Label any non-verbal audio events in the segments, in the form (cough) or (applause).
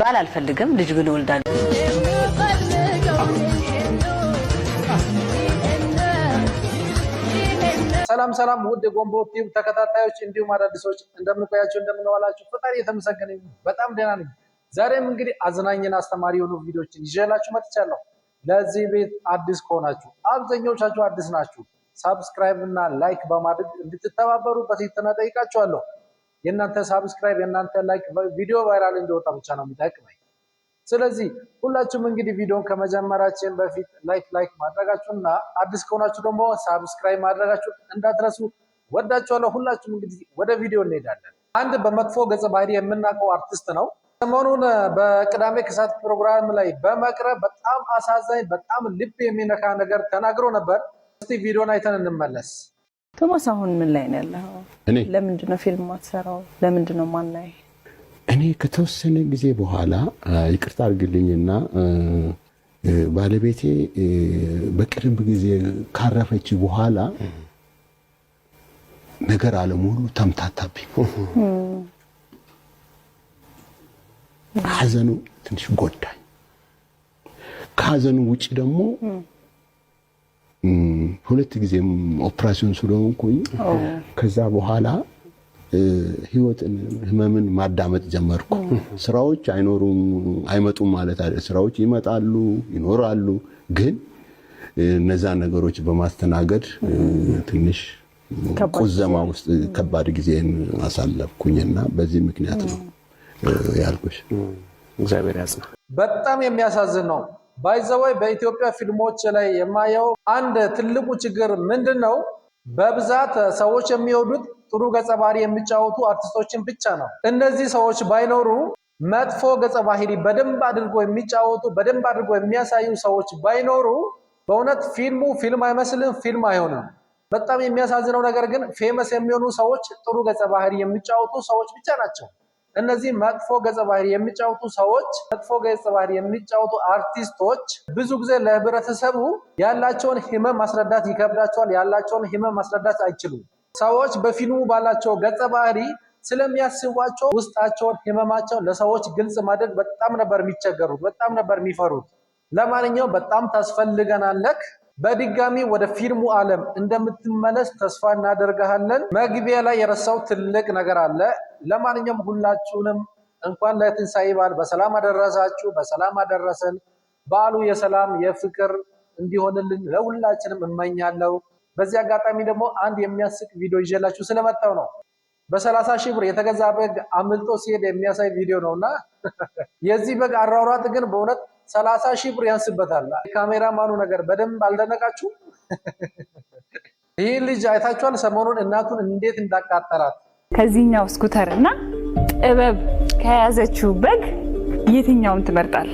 ባል አልፈልግም፣ ልጅ ግን እወልዳለሁ። ሰላም ሰላም፣ ውድ ጎንቦ ቲዩብ ተከታታዮች እንዲሁም አዳዲሶች እንደምንቆያቸው እንደምንዋላቸው ፈጣሪ የተመሰገነ በጣም ደህና ነኝ። ዛሬም እንግዲህ አዝናኝና አስተማሪ የሆኑ ቪዲዮችን ይዤላችሁ መጥቻለሁ። ለዚህ ቤት አዲስ ከሆናችሁ አብዛኞቻችሁ አዲስ ናችሁ፣ ሳብስክራይብ እና ላይክ በማድረግ እንድትተባበሩ በትህትና ጠይቃችኋለሁ። የእናንተ ሳብስክራይብ የእናንተ ላይክ ቪዲዮ ቫይራል እንዲወጣ ብቻ ነው የሚጠቅመኝ። ስለዚህ ሁላችሁም እንግዲህ ቪዲዮን ከመጀመራችን በፊት ላይክ ላይክ ማድረጋችሁና አዲስ ከሆናችሁ ደግሞ ሳብስክራይብ ማድረጋችሁ እንዳትረሱ። ወዳችኋለሁ። ሁላችሁም እንግዲህ ወደ ቪዲዮ እንሄዳለን። አንድ በመጥፎ ገጸ ባህሪ የምናውቀው አርቲስት ነው። ሰሞኑን በቅዳሜ ከሰዓት ፕሮግራም ላይ በመቅረብ በጣም አሳዛኝ፣ በጣም ልብ የሚነካ ነገር ተናግሮ ነበር። እስቲ ቪዲዮን አይተን እንመለስ። ቶማስ አሁን ምን ላይ ነው ያለው? እኔ ለምንድን ነው ፊልም ማትሰራው? ለምንድን ነው ማናይ? እኔ ከተወሰነ ጊዜ በኋላ ይቅርታ አድርግልኝና ባለቤቴ በቅርብ ጊዜ ካረፈች በኋላ ነገር አለሙሉ ተምታታብኝ። ሀዘኑ ትንሽ ጎዳኝ። ከሀዘኑ ውጭ ደግሞ ሁለት ጊዜ ኦፕራሲዮን ስለሆንኩኝ ከዛ በኋላ ህይወትን ህመምን ማዳመጥ ጀመርኩ። ስራዎች አይኖሩም አይመጡም ማለት አይደል። ስራዎች ይመጣሉ ይኖራሉ። ግን እነዛ ነገሮች በማስተናገድ ትንሽ ቁዘማ ውስጥ ከባድ ጊዜን አሳለፍኩኝና በዚህ ምክንያት ነው ያልኩሽ። እግዚአብሔር ያጽናህ። በጣም የሚያሳዝን ነው። ባይዘወይ በኢትዮጵያ ፊልሞች ላይ የማየው አንድ ትልቁ ችግር ምንድን ነው? በብዛት ሰዎች የሚወዱት ጥሩ ገጸ ባህሪ የሚጫወቱ አርቲስቶችን ብቻ ነው። እነዚህ ሰዎች ባይኖሩ መጥፎ ገጸ ባህሪ በደንብ አድርጎ የሚጫወቱ በደንብ አድርጎ የሚያሳዩ ሰዎች ባይኖሩ በእውነት ፊልሙ ፊልም አይመስልም፣ ፊልም አይሆንም። በጣም የሚያሳዝነው ነገር ግን ፌመስ የሚሆኑ ሰዎች ጥሩ ገጸ ባህሪ የሚጫወቱ ሰዎች ብቻ ናቸው። እነዚህ መጥፎ ገጸ ባህሪ የሚጫወቱ ሰዎች፣ መጥፎ ገጸ ባህሪ የሚጫወቱ አርቲስቶች ብዙ ጊዜ ለህብረተሰቡ ያላቸውን ህመም ማስረዳት ይከብዳቸዋል። ያላቸውን ህመም ማስረዳት አይችሉም። ሰዎች በፊልሙ ባላቸው ገጸ ባህሪ ስለሚያስቧቸው ውስጣቸውን ህመማቸው ለሰዎች ግልጽ ማድረግ በጣም ነበር የሚቸገሩት፣ በጣም ነበር የሚፈሩት። ለማንኛውም በጣም ታስፈልገናለክ በድጋሚ ወደ ፊልሙ ዓለም እንደምትመለስ ተስፋ እናደርግሃለን። መግቢያ ላይ የረሳው ትልቅ ነገር አለ። ለማንኛውም ሁላችሁንም እንኳን ለትንሳኤ በዓል በሰላም አደረሳችሁ፣ በሰላም አደረሰን። በዓሉ የሰላም የፍቅር እንዲሆንልን ለሁላችንም እመኛለሁ። በዚህ አጋጣሚ ደግሞ አንድ የሚያስቅ ቪዲዮ ይዤላችሁ ስለመጣው ነው። በሰላሳ ሺህ ብር የተገዛ በግ አምልጦ ሲሄድ የሚያሳይ ቪዲዮ ነው እና (laughs) የዚህ በግ አሯሯጥ ግን በእውነት ሰላሳ ሺህ ብር ያንስበታል። ካሜራማኑ ነገር በደንብ አልደነቃችሁም? (laughs) ይህ ልጅ አይታችኋል? ሰሞኑን እናቱን እንዴት እንዳቃጠላት ከዚህኛው ስኩተር እና ጥበብ ከያዘችው በግ የትኛውን ትመርጣለ?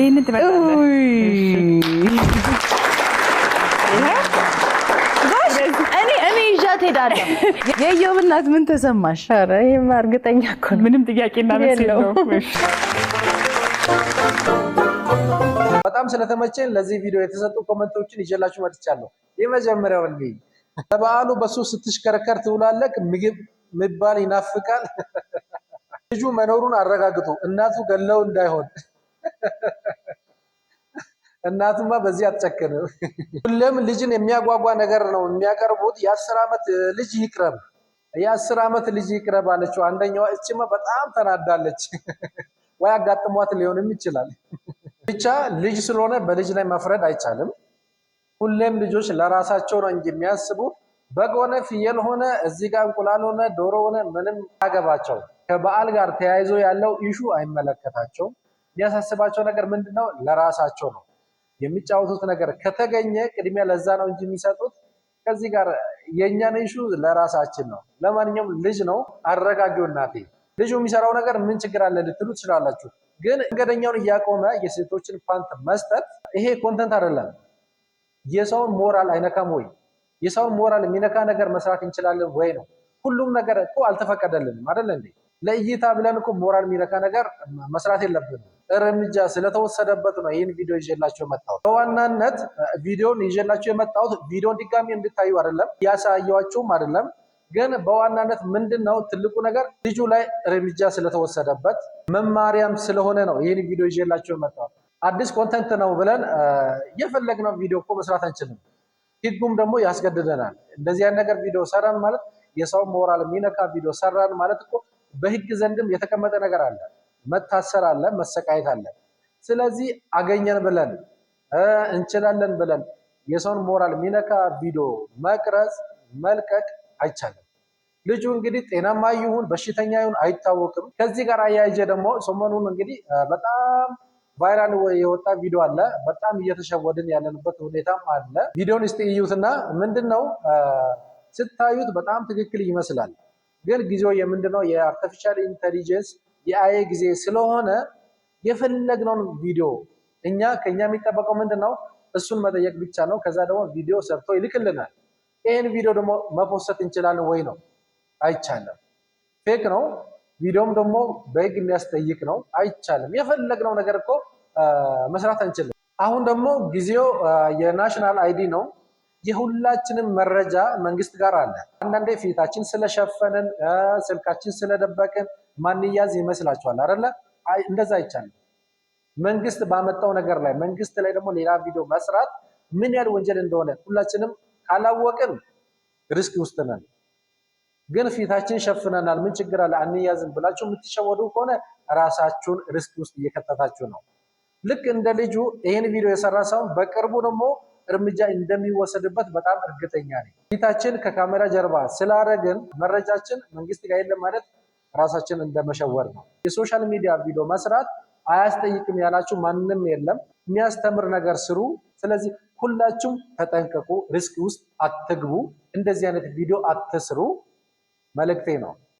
ይህንን ትመርጣለ? ጥላት ሄዳለሁ። የኢዮብ እናት ምን ተሰማሽ? ኧረ ይሄማ እርግጠኛ እኮ ነው ምንም ጥያቄ እናመስለው በጣም ስለተመቸን ለዚህ ቪዲዮ የተሰጡ ኮመንቶችን ይዤላችሁ መጥቻለሁ። የመጀመሪያው እንዲህ ለበዓሉ በሱ ስትሽከረከር ትውላለህ፣ ምግብ ሚባል ይናፍቃል። ልጁ መኖሩን አረጋግጡ፣ እናቱ ገለው እንዳይሆን እናትማ በዚህ አትጨክንም። ሁሌም ልጅን የሚያጓጓ ነገር ነው የሚያቀርቡት። የአስር ዓመት ልጅ ይቅረብ፣ የአስር ዓመት ልጅ ይቅረብ አለችው አንደኛዋ። እችማ በጣም ተናዳለች። ወይ አጋጥሟት ሊሆንም ይችላል። ብቻ ልጅ ስለሆነ በልጅ ላይ መፍረድ አይቻልም። ሁሌም ልጆች ለራሳቸው ነው እንጂ የሚያስቡ በግ ሆነ ፍየል ሆነ እዚህ ጋር እንቁላል ሆነ ዶሮ ሆነ ምንም አገባቸው። ከበዓል ጋር ተያይዞ ያለው ኢሹ አይመለከታቸውም። የሚያሳስባቸው ነገር ምንድን ነው? ለራሳቸው ነው። የሚጫወቱት ነገር ከተገኘ ቅድሚያ ለዛ ነው እንጂ የሚሰጡት ከዚህ ጋር የእኛን ኢሹ ለራሳችን ነው። ለማንኛውም ልጅ ነው አረጋጊው እናቴ ልጁ የሚሰራው ነገር ምን ችግር አለ ልትሉ ትችላላችሁ። ግን መንገደኛውን እያቆመ የሴቶችን ፓንት መስጠት ይሄ ኮንተንት አይደለም። የሰውን ሞራል አይነካም ወይ? የሰውን ሞራል የሚነካ ነገር መስራት እንችላለን ወይ ነው። ሁሉም ነገር እኮ አልተፈቀደልንም አይደል እንዴ? ለእይታ ብለን እኮ ሞራል የሚነካ ነገር መስራት የለብንም። እርምጃ ስለተወሰደበት ነው ይህን ቪዲዮ ይዤላቸው የመጣሁት። በዋናነት ቪዲዮን ይዤላቸው የመጣሁት ቪዲዮን ድጋሚ እንድታዩ አይደለም፣ ያሳየዋችሁም አይደለም። ግን በዋናነት ምንድን ነው ትልቁ ነገር ልጁ ላይ እርምጃ ስለተወሰደበት መማሪያም ስለሆነ ነው ይህን ቪዲዮ ይዤላቸው የመጣሁት። አዲስ ኮንተንት ነው ብለን የፈለግነው ቪዲዮ እኮ መስራት አንችልም። ህጉም ደግሞ ያስገድደናል። እንደዚህ አይነት ነገር ቪዲዮ ሰራን ማለት የሰው ሞራል የሚነካ ቪዲዮ ሰራን ማለት እኮ በህግ ዘንድም የተቀመጠ ነገር አለ። መታሰር አለ፣ መሰቃየት አለ። ስለዚህ አገኘን ብለን እንችላለን ብለን የሰውን ሞራል ሚነካ ቪዲዮ መቅረጽ መልቀቅ አይቻልም። ልጁ እንግዲህ ጤናማ ይሁን በሽተኛ ይሁን አይታወቅም። ከዚህ ጋር አያይዤ ደግሞ ሰሞኑን እንግዲህ በጣም ቫይራል የወጣ ቪዲዮ አለ። በጣም እየተሸወድን ያለንበት ሁኔታም አለ። ቪዲዮን ስ እዩትና ምንድን ነው ስታዩት በጣም ትክክል ይመስላል፣ ግን ጊዜው የምንድነው የአርቲፊሻል ኢንተሊጀንስ የአየ ጊዜ ስለሆነ የፈለግነውን ቪዲዮ እኛ ከኛ የሚጠበቀው ምንድን ነው? እሱን መጠየቅ ብቻ ነው። ከዛ ደግሞ ቪዲዮ ሰርቶ ይልክልናል። ይህን ቪዲዮ ደግሞ መፖሰት እንችላለን ወይ ነው? አይቻልም። ፌክ ነው። ቪዲዮም ደግሞ በህግ የሚያስጠይቅ ነው። አይቻልም። የፈለግነው ነገር እኮ መስራት አንችልም። አሁን ደግሞ ጊዜው የናሽናል አይዲ ነው። የሁላችንም መረጃ መንግስት ጋር አለ። አንዳንዴ ፊታችን ስለሸፈንን ስልካችን ስለደበቅን ማንያዝ ይመስላችኋል አይደለ? እንደዛ አይቻልም። መንግስት ባመጣው ነገር ላይ መንግስት ላይ ደግሞ ሌላ ቪዲዮ መስራት ምን ያህል ወንጀል እንደሆነ ሁላችንም ካላወቅን ሪስክ ውስጥ ነን። ግን ፊታችን ሸፍነናል፣ ምን ችግር አለ አንያዝም ብላችሁ የምትሸወዱ ከሆነ ራሳችሁን ሪስክ ውስጥ እየከተታችሁ ነው። ልክ እንደ ልጁ ይህን ቪዲዮ የሰራ ሰውን በቅርቡ ደግሞ እርምጃ እንደሚወሰድበት በጣም እርግጠኛ ነኝ። ፊታችን ከካሜራ ጀርባ ስላረግን መረጃችን መንግስት ጋር የለም ማለት ራሳችን እንደመሸወር ነው። የሶሻል ሚዲያ ቪዲዮ መስራት አያስጠይቅም ያላችሁ ማንም የለም። የሚያስተምር ነገር ስሩ። ስለዚህ ሁላችሁም ተጠንቀቁ፣ ሪስክ ውስጥ አትግቡ፣ እንደዚህ አይነት ቪዲዮ አትስሩ። መልእክቴ ነው።